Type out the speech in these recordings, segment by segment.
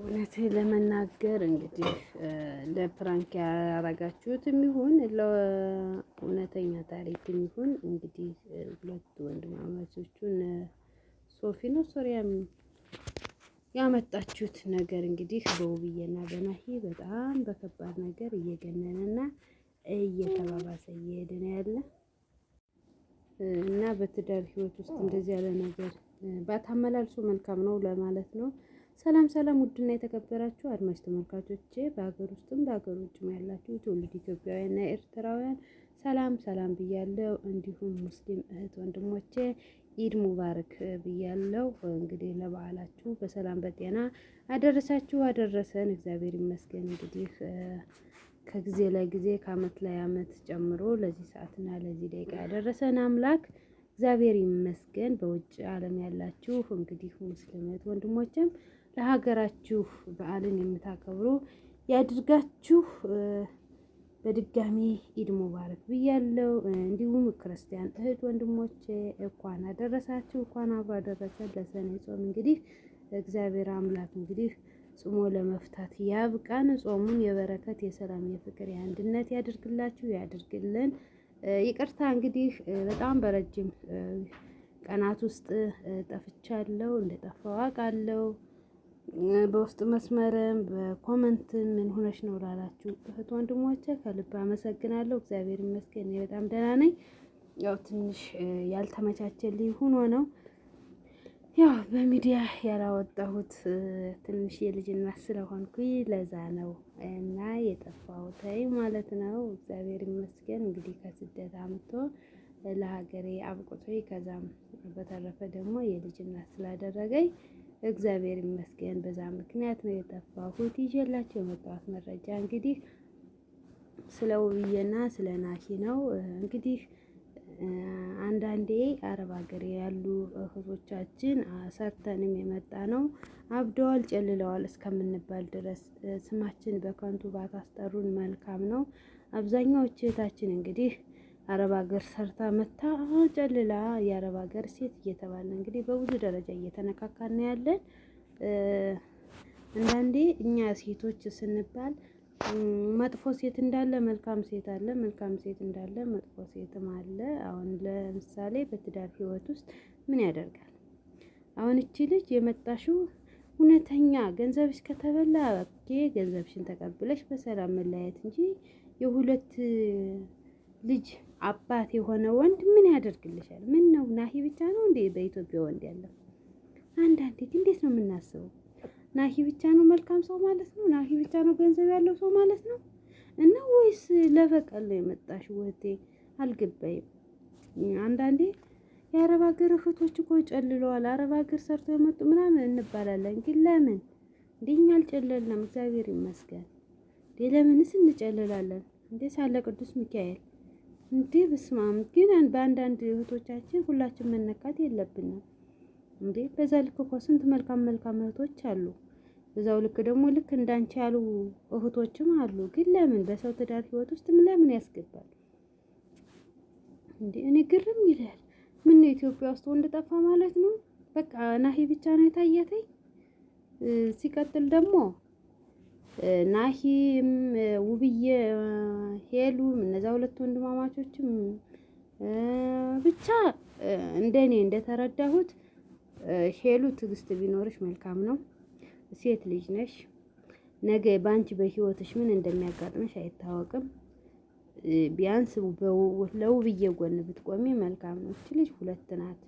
እውነት ለመናገር እንግዲህ ለፕራንክ ያረጋችሁት የሚሆን ለእውነተኛ ታሪክ የሚሆን እንግዲህ ሁለት ወንድማማቾቹን ሶፊ ነው ሶሪያም ያመጣችሁት ነገር እንግዲህ በውብዬና በናሂ በጣም በከባድ ነገር እየገነነና እየተባባሰ እየሄደ ነው ያለ እና በትዳር ህይወት ውስጥ እንደዚህ ያለ ነገር ባታመላልሱ መልካም ነው ለማለት ነው። ሰላም ሰላም ውድና የተከበራችሁ አድማጭ ተመልካቾቼ በሀገር ውስጥም በሀገር ውጭም ያላችሁ ትውልድ ኢትዮጵያውያንና ኤርትራውያን ሰላም ሰላም ብያለው። እንዲሁም ሙስሊም እህት ወንድሞቼ ኢድ ሙባረክ ብያለው። እንግዲህ ለበዓላችሁ በሰላም በጤና አደረሳችሁ አደረሰን። እግዚአብሔር ይመስገን። እንግዲህ ከጊዜ ለጊዜ ከአመት ላይ አመት ጨምሮ ለዚህ ሰዓትና ለዚህ ደቂቃ ያደረሰን አምላክ እግዚአብሔር ይመስገን። በውጭ ዓለም ያላችሁ እንግዲህ ሙስሊም እህት ወንድሞችም ለሀገራችሁ በዓልን የምታከብሩ ያድርጋችሁ። በድጋሚ ኢድ ሙባረክ ብያለሁ። እንዲሁም ክርስቲያን እህት ወንድሞቼ እንኳን አደረሳችሁ፣ እንኳን አብሮ አደረሰን ለሰኔ ጾም። እንግዲህ እግዚአብሔር አምላክ እንግዲህ ጽሞ ለመፍታት ያብቃን። ጾሙን የበረከት የሰላም፣ የፍቅር፣ የአንድነት ያድርግላችሁ፣ ያድርግልን። ይቅርታ እንግዲህ በጣም በረጅም ቀናት ውስጥ ጠፍቻለሁ፣ እንደጠፋሁ አውቃለሁ። በውስጥ መስመርም በኮመንት ምን ሆነሽ ነው ላላችሁ እህት ወንድሞቼ ከልብ አመሰግናለሁ። እግዚአብሔር ይመስገን እኔ በጣም ደህና ነኝ። ያው ትንሽ ያልተመቻቸልኝ ሁኖ ነው ያው በሚዲያ ያላወጣሁት ትንሽ የልጅነት ስለሆንኩኝ ለዛ ነው እና የጠፋሁት ማለት ነው። እግዚአብሔር ይመስገን እንግዲህ ከስደት አምጥቶ ለሀገሬ አብቅቶኝ ከዛም በተረፈ ደግሞ የልጅነት ስላደረገኝ እግዚአብሔር ይመስገን። በዛ ምክንያት ነው የጠፋሁት። ይዤላቸው የመጣሁት መረጃ እንግዲህ ስለ ውብዬና ስለ ናሂ ነው። እንግዲህ አንዳንዴ አረብ ሀገር ያሉ እህቶቻችን ሰርተንም የመጣ ነው አብደዋል፣ ጨልለዋል እስከምንባል ድረስ ስማችን በከንቱ ባታስጠሩን መልካም ነው። አብዛኛዎቹ እህታችን እንግዲህ አረብ ሀገር ሰርታ መታ ጨልላ የአረብ ሀገር ሴት እየተባለ እንግዲህ በብዙ ደረጃ እየተነካካን ያለን። አንዳንዴ እኛ ሴቶች ስንባል መጥፎ ሴት እንዳለ መልካም ሴት አለ፣ መልካም ሴት እንዳለ መጥፎ ሴትም አለ። አሁን ለምሳሌ በትዳር ህይወት ውስጥ ምን ያደርጋል? አሁን እቺ ልጅ የመጣሽው እውነተኛ ገንዘብሽ ከተበላ ኦኬ፣ ገንዘብሽን ተቀብለሽ በሰላም መለያየት እንጂ የሁለት ልጅ አባት የሆነ ወንድ ምን ያደርግልሻል? ምን ነው ናሂ ብቻ ነው እንዴ በኢትዮጵያ ወንድ ያለው? አንዳንዴ እንዴት ነው የምናስበው? ናሂ ብቻ ነው መልካም ሰው ማለት ነው? ናሂ ብቻ ነው ገንዘብ ያለው ሰው ማለት ነው? እና ወይስ ለበቀል ነው የመጣሽ? ወቴ አልገባኝም። አንዳንዴ የአረብ ሀገር እህቶች እኮ ጨልለዋል። አረብ ሀገር ሰርቶ የመጡ ምናምን እንባላለን። ግን ለምን እንደኛ አልጨለልንም? እግዚአብሔር ይመስገን። ለምንስ እንጨልላለን እንዴ? ሳለ ቅዱስ ሚካኤል እንዴ በስማም ግን በአንዳንድ እህቶቻችን ሁላችን መነካት የለብንም እንዴ። በዛ ልክ እኮ ስንት መልካም መልካም እህቶች አሉ። በዛው ልክ ደግሞ ልክ እንዳንቺ ያሉ እህቶችም አሉ። ግን ለምን በሰው ትዳር ህይወት ውስጥ ለምን ያስገባል እንዴ? እኔ ግርም ይላል። ምን ነው ኢትዮጵያ ውስጥ ወንድ ጠፋ ማለት ነው? በቃ ናሂ ብቻ ነው የታየተኝ። ሲቀጥል ደግሞ ናሂም ውብዬ ሄሉም እነዛ ሁለት ወንድማማቾችም ብቻ እንደኔ እንደተረዳሁት ሄሉ ትዕግስት ቢኖርሽ መልካም ነው። ሴት ልጅ ነሽ። ነገ በአንቺ በህይወትሽ ምን እንደሚያጋጥምሽ አይታወቅም። ቢያንስ ለውብዬ ጎን ብትቆሚ መልካም ነው። እች ልጅ ሁለት ናት።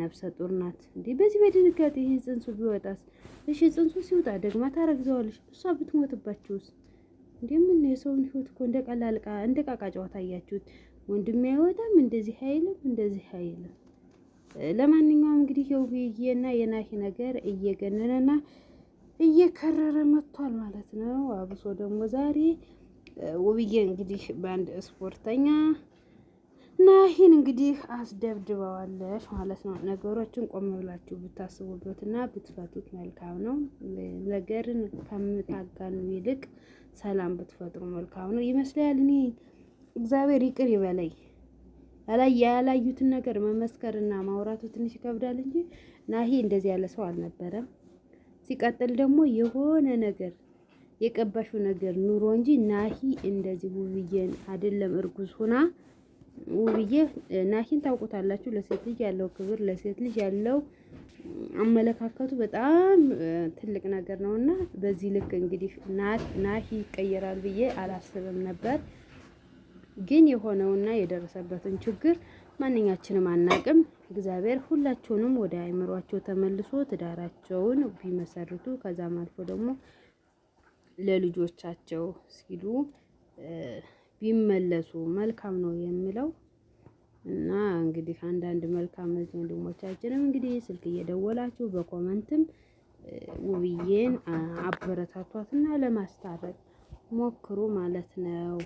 ነፍሰ ጡር ናት። እንዲህ በዚህ በድንጋጤ ይህን ጽንሱ ቢወጣስ? እሺ ጽንሱ ሲወጣ ደግማ ታረግዘዋለች። እሷ ብትሞትባችሁስ? እንደምን የሰውን ህይወት እኮ እንደ ቀላልቃ እንደ ቃቃ ጨዋታ አያችሁት። ወንድሜ አይወጣም፣ እንደዚህ አይልም፣ እንደዚህ አይልም። ለማንኛውም እንግዲህ የውብዬና የናሂ ነገር እየገነነና እየከረረ መጥቷል ማለት ነው። አብሶ ደግሞ ዛሬ ውብዬ እንግዲህ በአንድ ስፖርተኛ ናሂን እንግዲህ አስደብድበዋለሽ ማለት ነው። ነገሮችን ቆም ብላችሁ ብታስቡበትና ብትፈቱት መልካም ነው። ነገርን ከምታጋኑ ይልቅ ሰላም ብትፈጥሩ መልካም ነው ይመስላል። እኔ እግዚአብሔር ይቅር ይበለኝ። ያላዩትን ነገር መመስከርና ማውራቱ ትንሽ ይከብዳል እንጂ ናሂ እንደዚህ ያለ ሰው አልነበረም። ሲቀጥል ደግሞ የሆነ ነገር የቀባሽው ነገር ኑሮ እንጂ ናሂ እንደዚህ ውብዬን አይደለም እርጉዝ ሁና ውብዬ ናሂን ታውቁታላችሁ። ለሴት ልጅ ያለው ክብር፣ ለሴት ልጅ ያለው አመለካከቱ በጣም ትልቅ ነገር ነው እና በዚህ ልክ እንግዲህ ናሂ ይቀየራል ብዬ አላስብም ነበር። ግን የሆነውና የደረሰበትን ችግር ማንኛችንም አናቅም። እግዚአብሔር ሁላቸውንም ወደ አይምሯቸው ተመልሶ ትዳራቸውን ቢመሰርቱ ከዛም አልፎ ደግሞ ለልጆቻቸው ሲሉ ቢመለሱ መልካም ነው የሚለው እና እንግዲህ አንዳንድ መልካም ወንድሞቻችንም እንግዲህ ስልክ እየደወላችሁ በኮመንትም ውብዬን አበረታቷትና ለማስታረቅ ሞክሩ ማለት ነው።